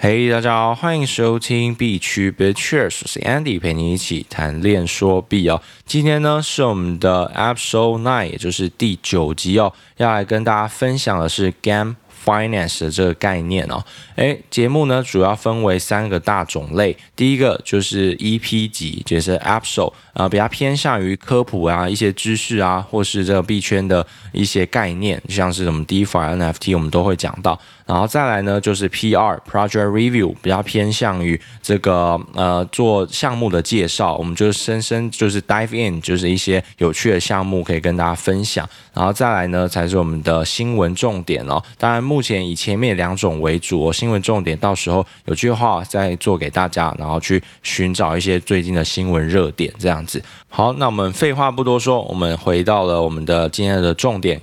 嘿，hey, 大家好，歡迎收聽幣趨幣趨，我是 Andy，陪你一起談鏈說幣哦。今天呢是我們的 Episode Nine，也就是第九集哦，要來跟大家分享的是 Game Finance 的這個概念哦。誒，節目呢主要分為三個大種類，第一個就是 EP 級，就是 Episode 啊，比較偏向於科普啊，一些知識啊，或是這個幣圈的一些概念，就像是什麼 DeFi、NFT，我們都會講到。然後再來呢，就是 PR, Project Review，比較偏向於這個呃做項目的介紹，我們就深深就是 dive in，就是一些有趣的項目可以跟大家分享。然後再來呢，才是我們的新聞重點哦。當然目前以前面兩種為主哦，新聞重點到時候有句話再做給大家，然後去尋找一些最近的新聞熱點這樣子。好，那我們廢話不多說，我們回到了我們的今天的重點。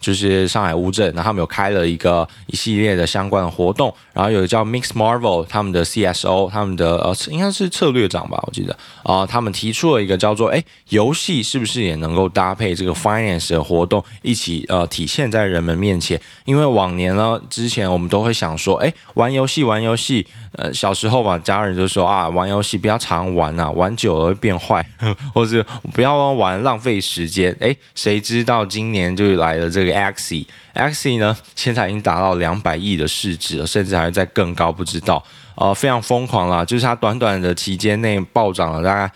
就是上海烏鎮，然後他們有開了一個一系列的相關活動，然後有一個叫 Mix Marvel 他們的 CSO 他們的呃應該是策略長吧，我記得啊、呃，他們提出了一個叫做哎遊戲是不是也能夠搭配這個 finance 的活動一起呃體現在人們面前？因為往年呢，之前我們都會想說哎、欸、玩遊戲玩遊戲，呃小時候嘛，家人就說啊玩遊戲不要常玩啊，玩久了會變壞，或是不要玩浪費時間，哎、欸、誰知道今年就來了這個。Axie，Axie 呢，現在已經達到兩百億的市值了，甚至還會再更高，不知道，呃，非常瘋狂啦。就是它短短的期間內暴漲了大概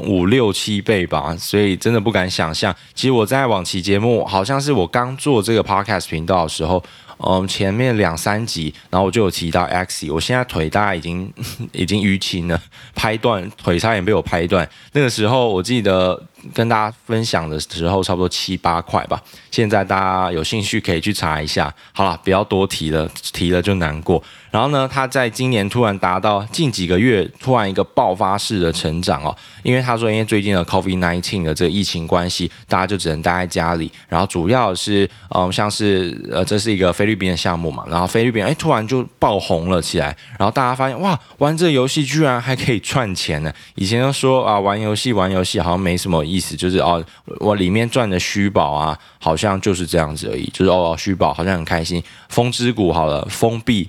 五六七倍吧，所以真的不敢想象。其實我在往期節目，好像是我剛做這個 Podcast 頻道的時候，嗯、呃，前面兩三集，然後我就有提到 Axie。我現在腿大概已經呵呵已經淤青了，拍斷，腿差點被我拍斷。那個時候我記得。跟大家分享的時候，差不多七八塊吧。現在大家有興趣可以去查一下。好了，不要多提了，提了就難過。然後呢，他在今年突然達到，近幾個月突然一個爆發式的成長哦。因為他說，因為最近的 COVID-19 的這個疫情關係，大家就只能待在家裡。然後主要是嗯，像是呃，這是一個菲律賓的項目嘛。然後菲律賓哎，突然就爆紅了起來。然後大家發現哇，玩這個遊戲居然還可以賺錢呢，啊。以前都說啊、呃，玩遊戲玩遊戲好像沒什麼。意思就是哦，我裡面賺的虛寶啊，好像就是這樣子而已。就是哦，虛寶好像很開心。風之谷好了，封閉，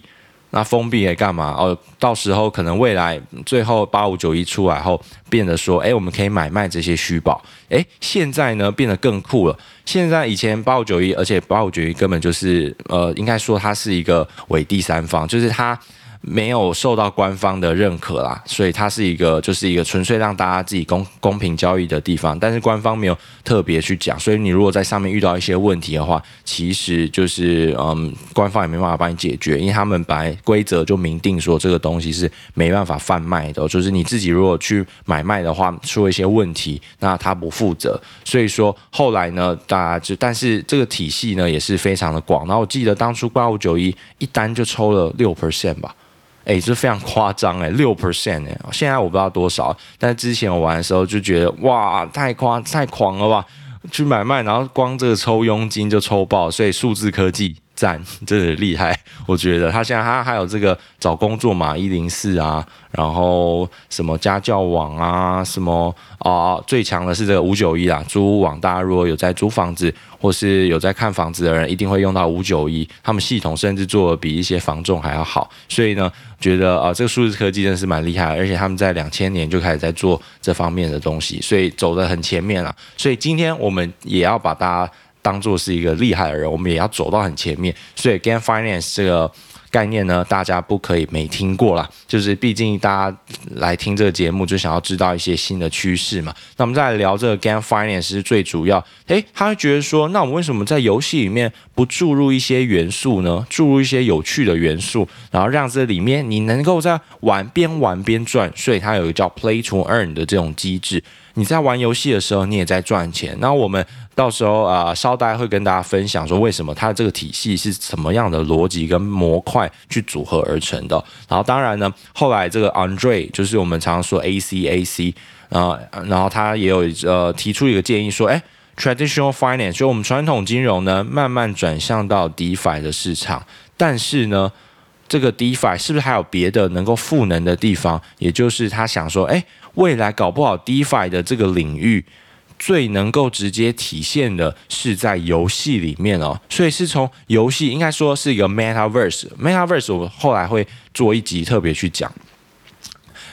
那封閉也幹嘛？哦，到時候可能未來最後八五九一出來後，變得說，哎、欸，我們可以買賣這些虛寶。哎、欸，現在呢變得更酷了。現在以前八五九一，而且八五九一根本就是，呃，應該說它是一個偽第三方，就是它。沒有受到官方的認可啦，所以它是一個就是一個純粹讓大家自己公、公平交易的地方，但是官方沒有特別去講，所以你如果在上面遇到一些問題的話，其實就是嗯，官方也沒辦法幫你解決，因為他們把規則就明定說這個東西是沒辦法販賣的，就是你自己如果去買賣的話，出了一些問題，那他不負責。所以說後來呢，大家就但是這個體系呢也是非常的廣，然後我記得當初八五九一一單就抽了六 percent 吧。哎，這、欸、非常誇張哎，六 percent 哎，現在我不知道多少，但之前我玩的時候就覺得哇，太誇太狂了吧，去買賣，然後光這個抽佣金就抽爆，所以數字科技。讚，真的厲害！我覺得他現在他還有這個找工作嘛，一零四啊，然後什麼家教網啊，什麼啊、呃，最強的是這個五九一啦，租屋網。大家如果有在租房子或是有在看房子的人，一定會用到五九一。他們系統甚至做得比一些房仲還要好，所以呢，覺得啊、呃，這個數字科技真的是蠻厲害，而且他們在兩千年就開始在做這方面的東西，所以走得很前面啦。所以今天我們也要把大家，當做是一個厲害的人，我們也要走到很前面。所以 game finance 這個概念呢，大家不可以沒聽過啦。就是畢竟大家來聽這個節目，就想要知道一些新的趨勢嘛。那我們再來聊這個 game finance 是最主要，誒、欸。他會覺得說，那我們為什麼在遊戲裡面？注入一些元素呢，注入一些有趣的元素，然後讓這裡面你能夠在玩邊玩邊賺，所以它有一個叫 Play to Earn 的這種機制。你在玩遊戲的時候，你也在賺錢。那我們到時候啊、呃，稍待會跟大家分享說為什麼它這個體系是什麼樣的邏輯跟模塊去組合而成的。然後當然呢，後來這個 Andre 就是我們常說 AC AC，呃，然後他也有呃提出一個建議說，哎。Traditional finance，就我們傳統金融呢，慢慢轉向到 DeFi 的市場。但是呢，這個 DeFi 是不是還有別的能夠賦能的地方？也就是他想說，哎、欸，未來搞不好 DeFi 的這個領域最能夠直接體現的，是在遊戲裡面哦。所以是從遊戲，應該說是一個 Metaverse。Metaverse 我後來會做一集特別去講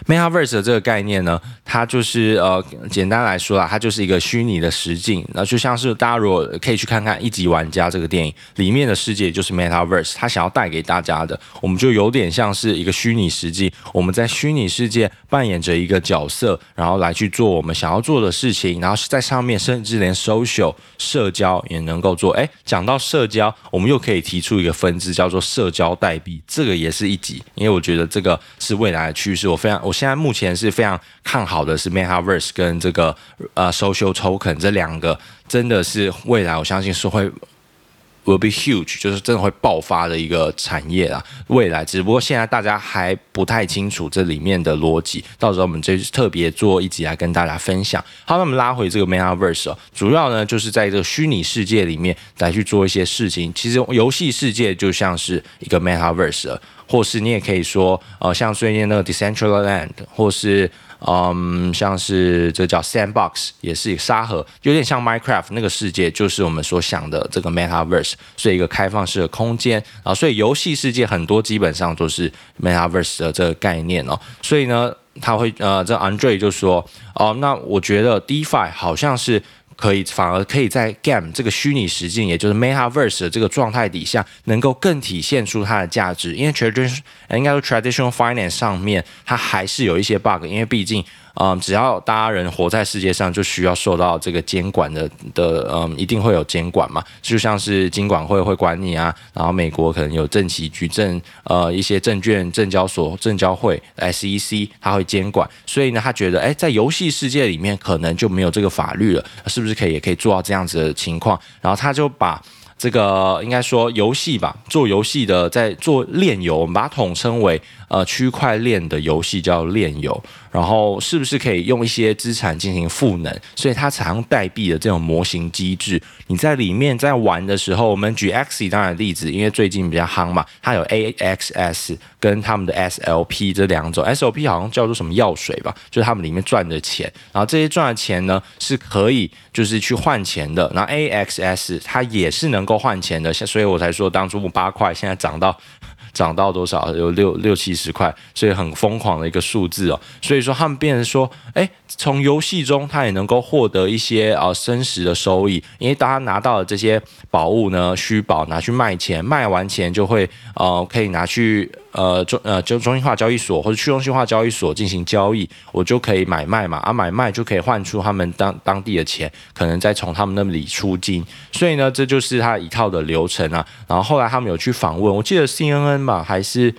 Metaverse 的這個概念呢。它就是呃，簡單來說啦，它就是一個虛擬的實境。那就像是大家如果可以去看看《一級玩家》這個電影，裡面的世界就是 Metaverse。它想要帶給大家的，我們就有點像是一個虛擬實境。我們在虛擬世界扮演着一個角色，然後來去做我們想要做的事情，然後在上面甚至連 social 社交，也能夠做。哎、欸，講到社交，我們又可以提出一個分支叫做社交代幣，這個也是一級，因為我覺得這個是未來的趨勢。我非常，我現在目前是非常看好。好的是 Metaverse 跟這個呃、uh, Social Token 這兩個真的是未來，我相信是會 will be huge，就是真的會爆發的一個產業啊。未來只不過現在大家還不太清楚這裡面的邏輯，到時候我們這次特別做一集來跟大家分享。好，那我們拉回這個 Metaverse，、哦、主要呢就是在這個虛擬世界裡面來去做一些事情。其實遊戲世界就像是一個 Metaverse，或是你也可以說呃像最近那個 Decentraland，l 或是嗯，um, 像是這叫 Sandbox，也是一個沙盒，有點像 Minecraft 那個世界，就是我們所想的這個 Metaverse，是一個開放式的空間。然、啊、後，所以遊戲世界很多基本上都是 Metaverse 的這個概念哦。所以呢，他會呃，這 Andre 就說哦、啊，那我覺得 DeFi 好像是。可以，反而可以在 game 這個虛擬實境，也就是 Metaverse 的這個狀態底下，能夠更體現出它的價值。因為 traditional 應該說 traditional finance 上面，它還是有一些 bug，因為畢竟。嗯，只要大家人活在世界上，就需要受到這個監管的的，嗯，一定會有監管嘛。就像是金管會會管你啊，然後美國可能有證期局、證呃一些證券證交所、證交會、SEC，他會監管。所以呢，他覺得，誒，在遊戲世界裡面可能就沒有這個法律了，是不是可以也可以做到這樣子的情況？然後他就把這個應該說遊戲吧，做遊戲的在做鏈遊，我們把它統稱為呃區塊鏈的遊戲叫鏈遊。然後是不是可以用一些資產進行賦能？所以它採用代幣的這種模型機制。你在裡面在玩的時候，我們舉 AXI 當然的例子，因為最近比較夯嘛。它有 AXS 跟他們的 SLP 這兩種。SLP 好像叫做什麼藥水吧？就是他們裡面賺的錢。然後這些賺的錢呢，是可以就是去換錢的。然後 AXS 它也是能夠換錢的，所以我才說當初我八塊，現在漲到。漲到多少？有六六七十塊，所以很瘋狂的一個數字哦。所以說，他們變成說，誒、欸。從遊戲中，他也能夠獲得一些呃真實的收益，因為當他拿到了這些寶物呢，虛寶拿去賣錢，賣完錢就會呃可以拿去呃中呃就中心化交易所或者去中心化交易所進行交易，我就可以買賣嘛，啊買賣就可以換出他們當當地的錢，可能再從他們那裡出金，所以呢，這就是他一套的流程啊。然後後來他們有去訪問，我記得 CNN 嘛還是。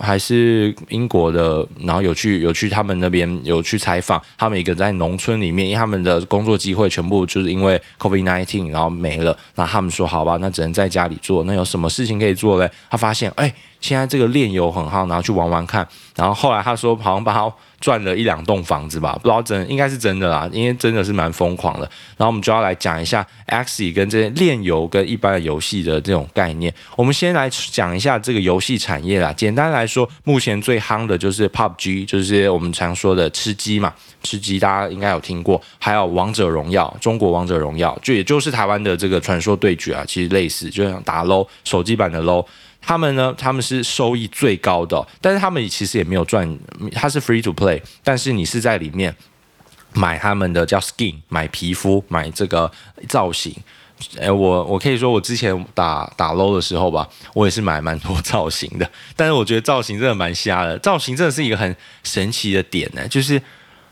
還是英國的，然後有去有去他們那邊有去採訪他們一個在農村裡面，因為他們的工作機會全部就是因為 COVID-19 然後沒了，那他們說好吧，那只能在家裡做，那有什麼事情可以做嘞？他發現哎、欸，現在這個鏈遊很好，然後去玩玩看，然後後來他說好像把他。賺了一兩棟房子吧，不知道真應該是真的啦，因為真的是蠻瘋狂的。然後我們就要來講一下 Axie 跟這些鏈遊跟一般的遊戲的這種概念。我們先來講一下這個遊戲產業啦。簡單來說，目前最夯的就是 PUBG，就是我們常說的吃雞嘛。吃雞大家應該有聽過，還有王者榮耀，中國王者榮耀就也就是台灣的這個傳說對決啊，其實類似，就像打 LO 手機版的 LO，他們呢他們是收益最高的，但是他們其實也沒有賺，它是 free to play，但是你是在裡面買他們的叫 skin，買皮膚，買這個造型。哎、欸，我我可以說我之前打打 LO 的時候吧，我也是買蠻多造型的，但是我覺得造型真的蠻瞎的，造型真的是一個很神奇的點呢、欸，就是。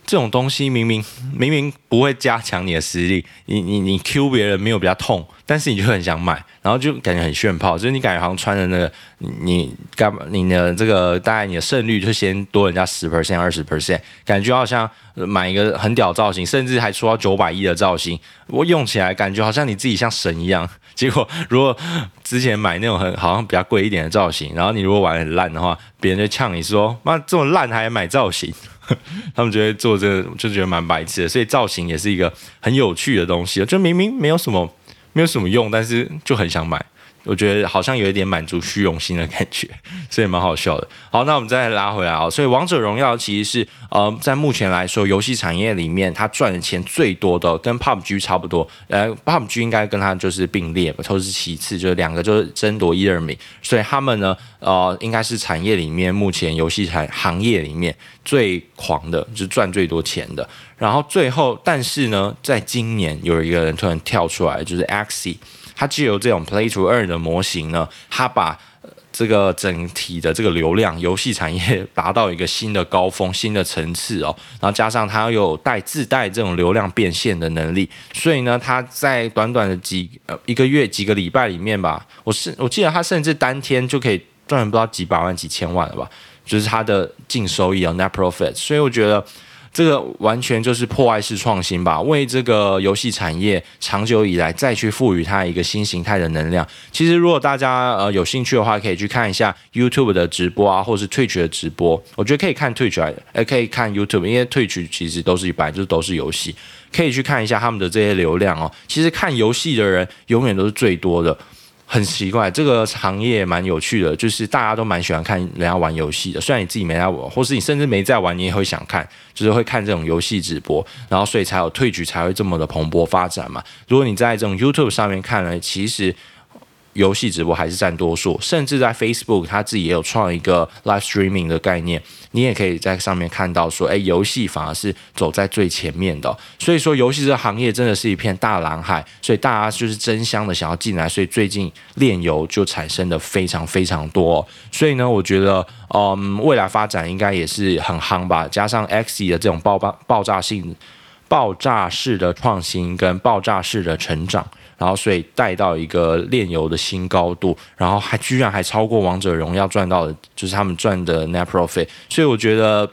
這種東西明明明明不會加強你的實力，你你你 Q 別人沒有比較痛，但是你就很想買，然後就感覺很炫炮，就是你感覺好像穿的那個，你幹嘛你的這個大概你的勝率就先多人家十 percent 二十 percent，感覺好像買一個很屌造型，甚至還出到九百億的造型，我用起來感覺好像你自己像神一樣。結果如果之前買那種很好像比較貴一點的造型，然後你如果玩很爛的話，別人就嗆你說，媽這麼爛還買造型？他們覺得做這個就覺得蠻白痴的，所以造型也是一個很有趣的東西的。就明明沒有什麼，沒有什麼用，但是就很想買。我覺得好像有一點滿足虛榮心的感覺，所以蠻好笑的。好，那我們再拉回來啊，所以《王者榮耀》其實是呃，在目前來說，遊戲產業裡面它賺的錢最多的，跟 PUBG 差不多。呃，PUBG 應該跟它就是並列吧，都是其次，就是兩個就是爭奪一、二名。所以他們呢，呃，應該是產業裡面目前遊戲產行業裡面最狂的，就是賺最多錢的。然後最後，但是呢，在今年有一個人突然跳出來，就是 Axie。它藉由這種 play to earn 的模型呢，它把這個整體的這個流量遊戲產業達到一個新的高峰、新的層次哦。然後加上它有帶自帶這種流量變現的能力，所以呢，它在短短的幾、呃、一個月、幾個禮拜裡面吧，我是我記得它甚至當天就可以賺不到幾百萬、幾千萬了吧，就是它的淨收益啊、哦、net profit。所以我覺得。這個完全就是破壞式創新吧，為這個遊戲產業長久以來再去賦予它一個新形態的能量。其實，如果大家呃有興趣的話，可以去看一下 YouTube 的直播啊，或是 Twitch 的直播。我覺得可以看 Twitch，哎、呃，可以看 YouTube，因為 Twitch 其實都是一般就是、都是遊戲，可以去看一下他們的這些流量哦。其實看遊戲的人永遠都是最多的。很奇怪，這個行業蠻有趣的，就是大家都蠻喜歡看人家玩遊戲的。雖然你自己沒在玩，或是你甚至沒在玩，你也會想看，就是會看這種遊戲直播，然後所以才有 Twitch 才會這麼的蓬勃發展嘛。如果你在這種 YouTube 上面看來，其實。遊戲直播還是占多數，甚至在 Facebook 他自己也有創一個 live streaming 的概念，你也可以在上面看到說，誒、欸，遊戲反而是走在最前面的，所以說遊戲這個行業真的是一片大藍海，所以大家就是爭相的想要進來，所以最近鏈遊就產生的非常非常多，哦，所以呢，我覺得，嗯，未來發展應該也是很夯吧，加上，Axie 的這種爆爆爆炸性，爆炸式的創新跟爆炸式的成長。然後，所以帶到一個鏈遊的新高度，然後還居然還超過王者榮耀賺到的，就是他們賺的 net profit。所以我覺得。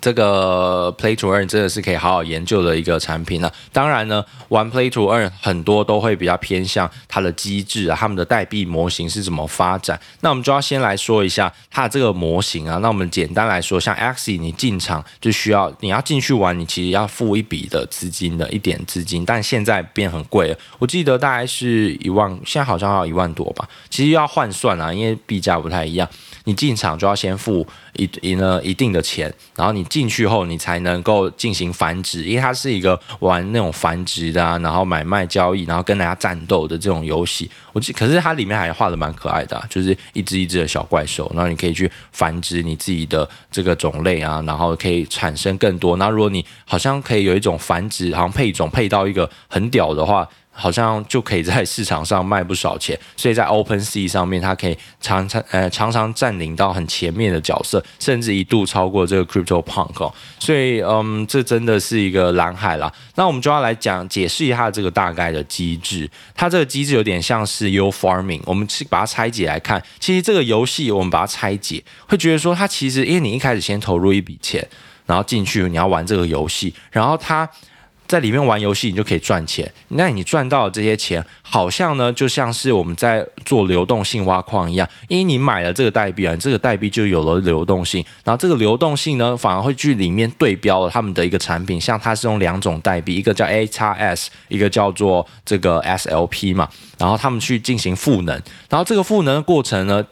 這個 play to earn 真的是可以好好研究的一個產品了啊。當然呢，玩 play to earn 很多都會比較偏向它的機製啊，它們的代幣模型是怎麼發展。那我們就要先來說一下它這個模型啊。那我們簡單來說，像 Axie，你進場就需要你要進去玩，你其實要付一筆的資金的一點資金，但現在變很貴了。我記得大概是一萬，現在好像要一萬多吧。其實要換算啊，因為幣價不太一樣，你進場就要先付。一贏了一定的錢，然後你進去後，你才能夠進行繁殖，因為它是一個玩那種繁殖的啊，然後買賣交易，然後跟人家戰鬥的這種遊戲。我記，可是它裡面還畫的蠻可愛的啊，就是一隻一隻的小怪獸，然後你可以去繁殖你自己的這個種類啊，然後可以產生更多。那如果你好像可以有一種繁殖，好像配種配到一個很屌的話，好像就可以在市場上賣不少錢，所以在 Open Sea 上面，它可以常常呃常常佔領到很前面的角色，甚至一度超過這個 Crypto Punk 哦。所以，嗯，這真的是一個藍海啦。那我們就要來講解釋一下這個大概的機制。它這個機制有點像是 Yield Farming，我們去把它拆解來看。其實這個遊戲，我們把它拆解，會覺得說它其實，因為你一開始先投入一筆錢，然後進去你要玩這個遊戲，然後它。在裡面玩遊戲，你就可以賺錢。那你賺到了這些錢，好像呢，就像是我們在做流動性挖礦一樣，因為你買了這個代幣啊，這個代幣就有了流動性，然後這個流動性呢，反而會去裡面對標他們的一個產品，像它是用兩種代幣，一個叫 AXS，一個叫做這個 SLP 嘛，然後他們去進行賦能，然後這個賦能的過程呢。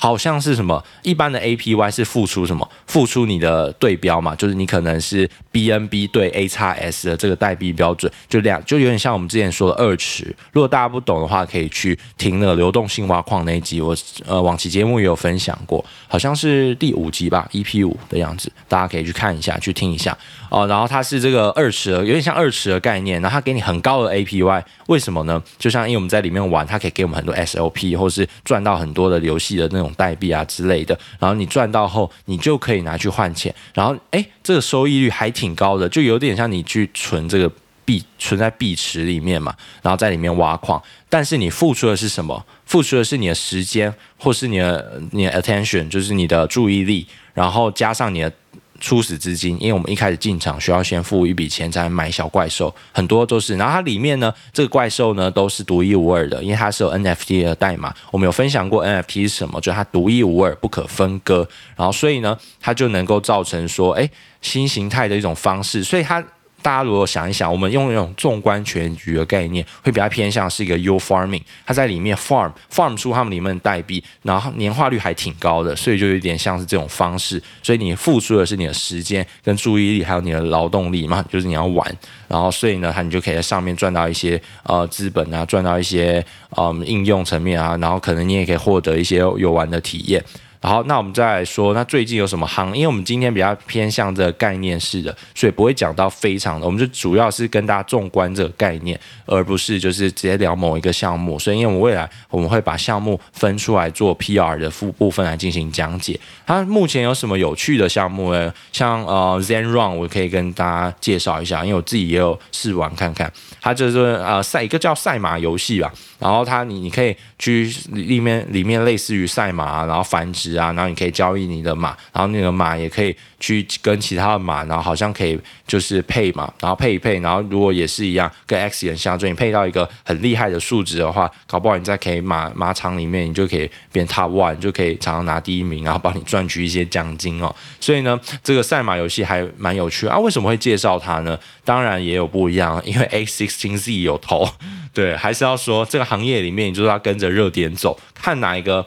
好像是什麼一般的 APY 是付出什麼，付出你的對標嘛，就是你可能是 BNB 對 AXS 的這個代幣標準，就兩就有點像我們之前說的二池。如果大家不懂的話，可以去聽那個流動性挖礦那一集，我呃往期節目也有分享過，好像是第五集吧，EP 五的樣子，大家可以去看一下，去聽一下哦，然後它是這個二池的，有點像二池的概念，然後它給你很高的 APY，為什麼呢？就像因為我們在裡面玩，它可以給我們很多 SLP，或是賺到很多的遊戲的那種。代幣啊之類的，然後你賺到後，你就可以拿去換錢，然後誒，這個收益率還挺高的，就有點像你去存這個幣，存在幣池裡面嘛，然後在裡面挖礦，但是你付出的是什麼？付出的是你的時間，或是你的你的 attention，就是你的注意力，然後加上你的。初始資金，因為我們一開始進場需要先付一筆錢才能買小怪獸，很多都是。然後它裡面呢，這個怪獸呢都是獨一無二的，因為它是有 NFT 的代碼。我們有分享過 NFT 是什麼，就是它獨一無二、不可分割。然後所以呢，它就能夠造成說，誒，新形態的一種方式。所以它。大家如果想一想，我們用一種縱觀全局的概念，會比較偏向是一個 U farming，它在裡面 farm farm 出他們裡面的代幣，然後年化率還挺高的，所以就有點像是這種方式。所以你付出的是你的時間跟注意力，還有你的勞動力嘛，就是你要玩，然後所以呢，它你就可以在上面賺到一些呃資本啊，賺到一些嗯、呃、應用層面啊，然後可能你也可以獲得一些遊玩的體驗。然後，那我們再來說，那最近有什麼夯，因為我們今天比較偏向這個概念式的，所以不會講到非常的，我們就主要是跟大家縱觀這個概念，而不是就是直接聊某一個項目。所以，因為我們未來我們會把項目分出來做 PR 的副部分來進行講解。它目前有什麼有趣的項目呢？像呃 Zen Run，我可以跟大家介紹一下，因為我自己也有試玩看看。它就是呃賽一個叫賽馬遊戲吧，然後它你你可以去裡面裡面類似於賽馬，啊，然後繁殖。啊，然後你可以交易你的馬，然後那個馬也可以去跟其他的馬，然後好像可以就是配嘛，然後配一配，然後如果也是一樣跟 X 人相對你配到一個很厲害的數值的話，搞不好你在可以馬馬場裡面你就可以變 top one，就可以常常拿第一名，然後幫你賺取一些獎金哦。所以呢，這個賽馬遊戲還蠻有趣啊。為什麼會介紹它呢？當然也有不一樣，因為 X、Y、Z 有投，對，還是要說這個行業裡面你就是要跟着熱點走。看哪一個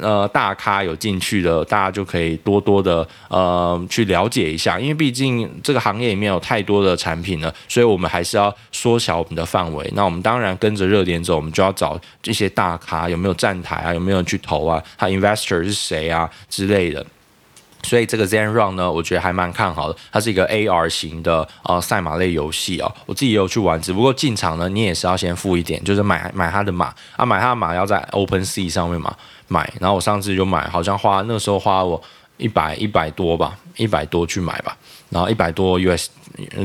呃大咖有進去的，大家就可以多多的呃去了解一下，因為畢竟這個行業裡面有太多的產品了，所以我們還是要縮小我們的範圍。那我們當然跟着熱點走，我們就要找這些大咖，有沒有站台啊，有沒有人去投啊，他 investor 是誰啊之類的。所以這個 Zen Run 呢，我覺得還蠻看好的。它是一個 AR 型的呃賽馬類遊戲哦，我自己也有去玩。只不過進場呢，你也是要先付一點，就是買買它的馬啊，買它的馬要在 OpenSea 上面嘛買。然後我上次就買，好像花那時候花我一百一百多吧，一百多去買吧。然後一百多 US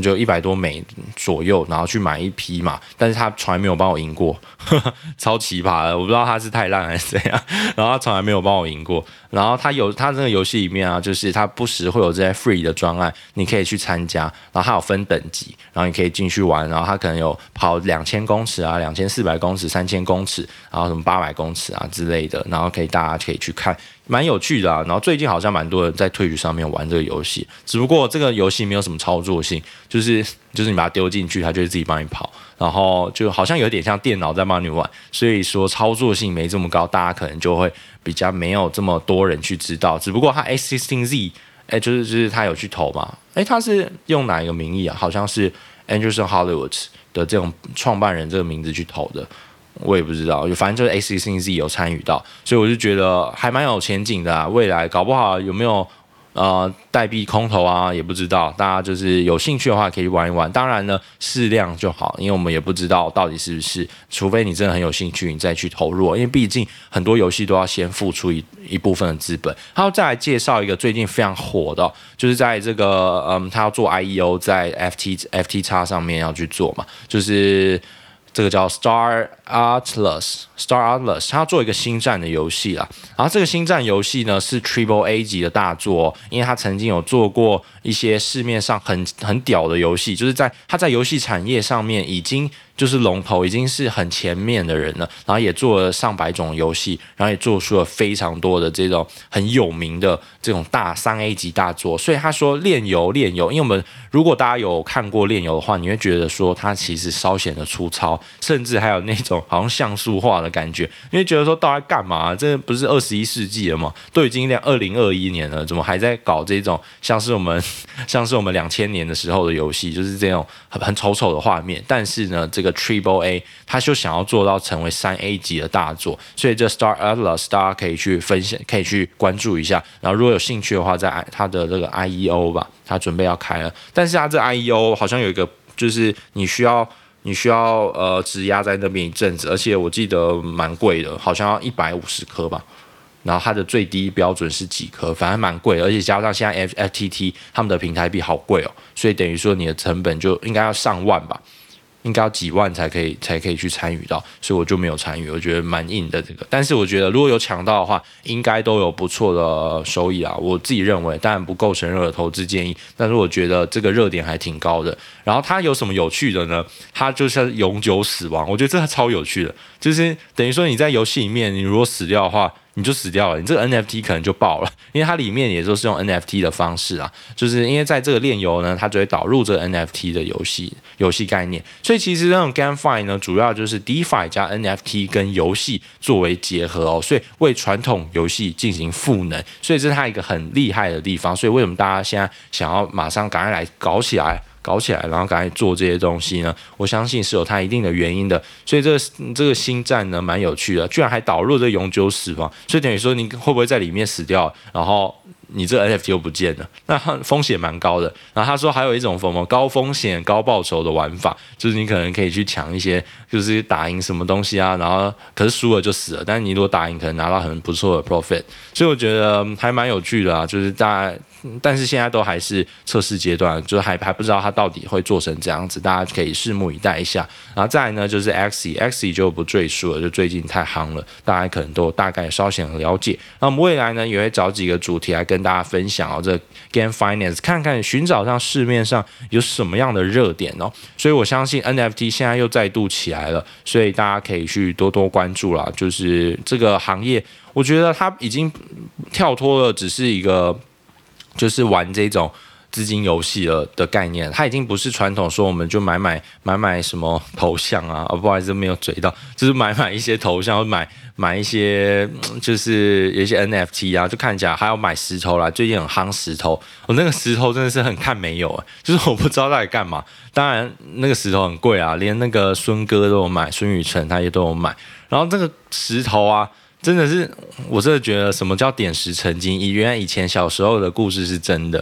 就一百多美左右，然後去買一匹馬嘛。但是他從來沒有幫我贏過，哈哈，超奇葩的，我不知道他是太爛還是怎樣。然後他從來沒有幫我贏過。然後他有他這個遊戲裡面啊，就是他不時會有這些 free 的專案，你可以去參加。然後他有分等級，然後你可以進去玩。然後他可能有跑兩千公尺啊、兩千四百公尺、三千公尺，然後什麼八百公尺啊之類的，然後可以大家可以去看。蠻有趣的啊，然後最近好像蠻多人在推特上面玩這個遊戲，只不過這個遊戲沒有什麼操作性，就是就是你把它丟進去，它就自己幫你跑，然後就好像有點像電腦在幫你玩，所以說操作性沒這麼高，大家可能就會比較沒有這麼多人去知道。只不過它 A16Z 哎，就是就是它有去投嘛，哎，它是用哪一個名義啊？好像是 Andreessen Horowitz 的這種創辦人這個名字去投的。我也不知道，反正就是 a c y z 有參與到，所以我就覺得還蠻有前景的啊。未來搞不好有沒有呃代幣空投啊，也不知道。大家就是有興趣的話可以玩一玩，當然呢適量就好，因為我們也不知道到底是不是，除非你真的很有興趣，你再去投入，因為畢竟很多遊戲都要先付出一一部分的資本。然後再來介紹一個最近非常火的，就是在這個嗯，他要做 IEO 在 FT FT 叉上面要去做嘛，就是。這個叫 Star Atlas，Star Atlas，他 Star Atlas, 要做一個星戰的遊戲啊。然後這個星戰遊戲呢是 Triple A 級的大作，因為他曾經有做過一些市面上很很屌的遊戲，就是在他在遊戲產業上面已經。就是龍頭已經是很前面的人了，然後也做了上百種遊戲，然後也做出了非常多的這種很有名的這種大三 A 級大作。所以他說《鏈遊》，鏈遊，因為我們如果大家有看過《鏈遊》的話，你會覺得說它其實稍顯得粗糙，甚至還有那種好像像素化的感覺。你會覺得說，到底幹嘛？這不是二十一世紀了嘛？都已經兩二零二一年了，怎麼還在搞這種像是我們像是我們兩千年的時候的遊戲，就是這種很很醜丑的畫面？但是呢，這。Triple A，他就想要做到成為三 A 級的大作，所以這 Star Atlas 大家可以去分享，可以去關注一下。然後如果有興趣的話，在它的這個 IEO 吧，它準備要開了。但是它這 IEO 好像有一個，就是你需要你需要呃，質押在那邊一陣子，而且我記得蠻貴的，好像要一百五十顆吧。然後它的最低標準是幾顆，反正蠻貴的，而且加上現在 F F T T 他們的平台幣好貴哦，所以等於說你的成本就應該要上萬吧。應該要幾萬才可以，才可以去參與到，所以我就沒有參與。我覺得蠻硬的這個，但是我覺得如果有搶到的話，應該都有不錯的收益啦。我自己認為，當然不構成任何投資建議，但是我覺得這個熱點還挺高的。然後它有什麼有趣的呢？它就是永久死亡，我覺得這超有趣的，就是等於說你在遊戲裡面，你如果死掉的話，你就死掉了，你這個 NFT 可能就爆了，因為它裡面也就是用 NFT 的方式啊，就是因為在這個鏈遊呢，它就會導入這個 NFT 的遊戲遊戲概念，所以其實這種 GameFi 呢，主要就是 DeFi 加 NFT 跟遊戲作為結合哦，所以為傳統遊戲進行賦能，所以這是它一個很厲害的地方，所以為什麼大家現在想要馬上趕快來搞起來？搞起來，然後趕緊做這些東西呢？我相信是有它一定的原因的。所以這個、嗯、這個新站呢，蠻有趣的，居然還導入了這永久死亡，所以等於說你會不會在裡面死掉，然後你這 NFT 又不見了？那風險蠻高的。然後他說還有一種什麼高風險高報酬的玩法，就是你可能可以去搶一些，就是打贏什麼東西啊，然後可是輸了就死了，但是你如果打贏，可能拿到很不錯的 profit。所以我覺得還蠻有趣的啊，就是大家。但是現在都還是測試階段，就是還還不知道它到底會做成這樣子，大家可以拭目以待一下。然後再來呢，就是 Axie，Axie 就不贅述了，就最近太夯了，大家可能都大概稍顯了解。那我們未來呢，也會找幾個主題來跟大家分享哦，這個、Game Finance，看看尋找上市面上有什麼樣的熱點哦。所以我相信 NFT 現在又再度起來了，所以大家可以去多多關注啦。就是這個行業，我覺得它已經跳脫了，只是一個。就是玩這種資金遊戲了的概念，它已經不是傳統說我們就買買買買什麼頭像啊，哦、不好意思沒有嘴到，就是買買一些頭像，買買一些就是有一些 NFT 啊，就看起來還要買石頭啦。最近很夯石頭，我、哦、那個石頭真的是很看沒有哎、欸，就是我不知道到底幹嘛，當然那個石頭很貴啊，連那個孫哥都有買，孫宇晨他也都有買，然後這個石頭啊。真的是，我真的覺得什麼叫點石成金？以原來以前小時候的故事是真的，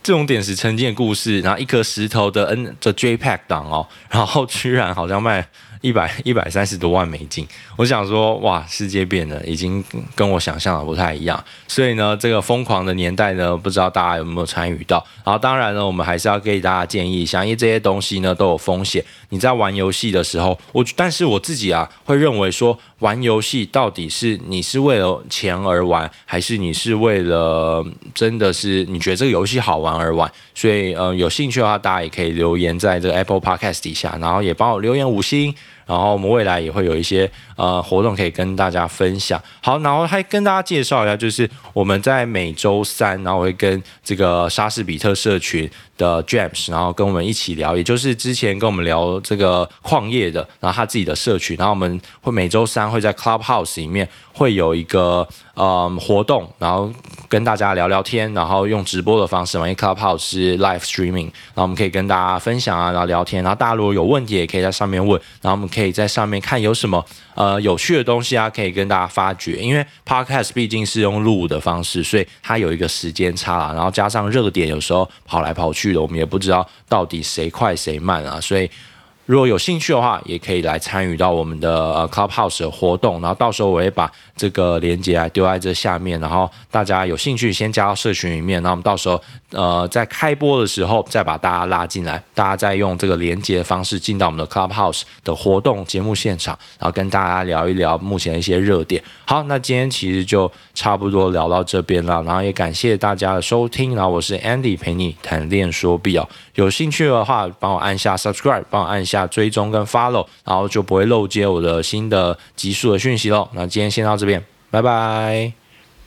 這種點石成金的故事，然後一顆石頭的 N 的 JPEG 檔哦、喔，然後居然好像賣一百一百三十多萬美金，我想說哇，世界變了，已經跟我想象的不太一樣。所以呢，這個瘋狂的年代呢，不知道大家有沒有參與到？然後當然呢，我們還是要給大家建議一下，因為這些東西呢都有風險。你在玩遊戲的時候，我但是我自己啊會認為說。玩遊戲到底是你是為了錢而玩，還是你是為了真的是你覺得這個遊戲好玩而玩？所以嗯、呃，有興趣的話，大家也可以留言在這個 Apple Podcast 底下，然後也幫我留言五星，然後我們未來也會有一些呃活動可以跟大家分享。好，然後還跟大家介紹一下，就是我們在每周三，然後會跟這個莎士比特社群。的 James，然後跟我們一起聊，也就是之前跟我們聊這個礦業的，然後他自己的社群，然後我們會每周三會在 Clubhouse 裡面會有一個呃活動，然後跟大家聊聊天，然後用直播的方式嘛，因為 Clubhouse 是 Live Streaming，然後我們可以跟大家分享啊，然後聊天，然後大家如果有問題也可以在上面問，然後我們可以在上面看有什麼呃有趣的東西啊，可以跟大家發掘，因為 Podcast 畢竟是用錄的方式，所以它有一個時間差，然後加上熱點有時候跑來跑去。去了，我們也不知道到底誰快誰慢啊，所以。如果有興趣的話，也可以來參與到我們的 Clubhouse 的活動，然後到時候我會把這個鏈接啊丟在這下面，然後大家有興趣先加到社群裡面，然後我們到時候呃在開播的時候再把大家拉進來，大家再用這個連接的方式進到我們的 Clubhouse 的活動節目現場，然後跟大家聊一聊目前的一些熱點。好，那今天其實就差不多聊到這邊了，然後也感謝大家的收聽，然後我是 Andy 陪你談戀說幣哦，有興趣的話幫我按下 Subscribe，幫我按下下追蹤跟 follow，然後就不會漏接我的新的集數的訊息嘍。那今天先到這邊，拜拜。